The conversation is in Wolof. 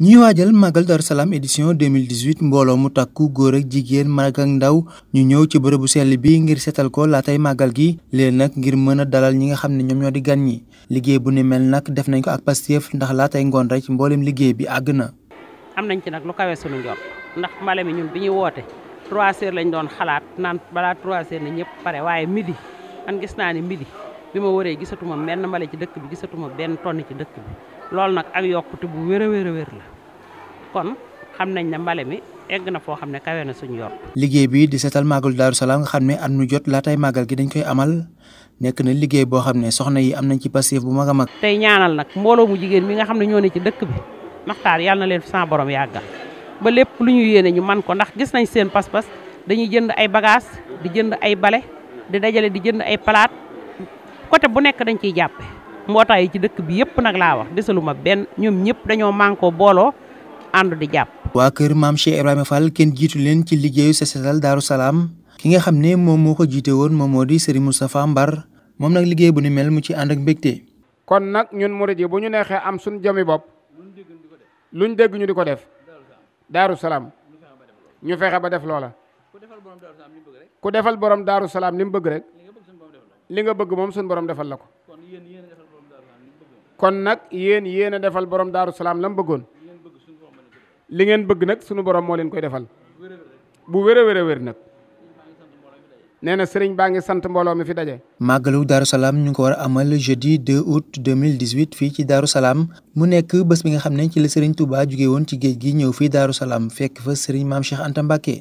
ñuy waajal màggal Darou Salam édition 2018 mbooloo mu takku góor ak jigéen mag ndaw ñu ñëw ci bërëbu sell bi ngir seetal ko laatay màggal gi léegi nag ngir mën a dalal ñi nga xam ne ñoom ñoo di gan ñi liggéey bu ni mel nag def nañ ko ak Pastef ndax laatay ngoon rek mboolem liggéey bi àgg na. am nañ ci nag lu kawe suñu njort ndax mbale mi ñun bi ñu woote 3 heures lañ doon xalaat naan balaa 3 heures na ñëpp pare waaye midi man gis naa ne midi bi ma waree gisatuma benn mbale ci dëkk gisatuma benn tonn ci dëkk loolu nag ak yokkute bu wér a wér a la kon xam nañ ne mbale mi egg na foo xam ne kawe na suñu yor. liggéey bii di seetal màggalu Daaru Salaam nga xam ne at mu jot laatay màggal gi dañ koy amal nekk na liggéey boo xam ne soxna yi am nañ ci passif bu mag a mag. tey ñaanal nag mbooloo mu jigéen mi nga xam ne ñoo ne ci dëkk bi maxtaar yàlla na leen fi sa borom yàgga ba lépp lu ñu yéene ñu man ko ndax gis nañ seen pas-pas dañuy jënd ay bagages di jënd ay bale di dajale di jënd ay palaat côté bu nekk dañ ciy jàppe mbootaay yi ci dëkk bi yëpp nag laa wax desaluma benn ñoom ñëpp dañoo mànkoo booloo ànd di jàpp. waa kër maam Cheikh Ibrahima Fall kenn jiitu leen ci liggéeyu set setal Daaru Salaam ki nga xam ne moom moo ko jiite woon moom moo di Serigne Moustapha Mbar moom nag liggéey bu ni mel mu ci ànd ak mbégte. kon nag ñun murid yi bu ñu neexee am suñu jëmmi bopp luñ dégg ñu di ko def Daaru Salaam ñu fexe ba def loola. ku defal borom Daaru Salaam li mu bëgg rek li nga bëgg moom suñu borom defal la ko. kon nag yéen yéen a defal borom daaru salaam la mu bëggoon li ngeen bëgg nag sunu borom moo leen koy defal bu wér a wér nag nee na sëriñ baa ngi sant mbooloo mi fi daje. màggalu daaru salaam ñu ngi ko war a amal jeudi 2 août 2018 fii ci daaru mu nekk bés bi nga xam ne ci la sëriñ Touba jóge woon ci géej gi ñëw fii daaru salaam fekk fa sëriñ maam Cheikh Anta Mbacke.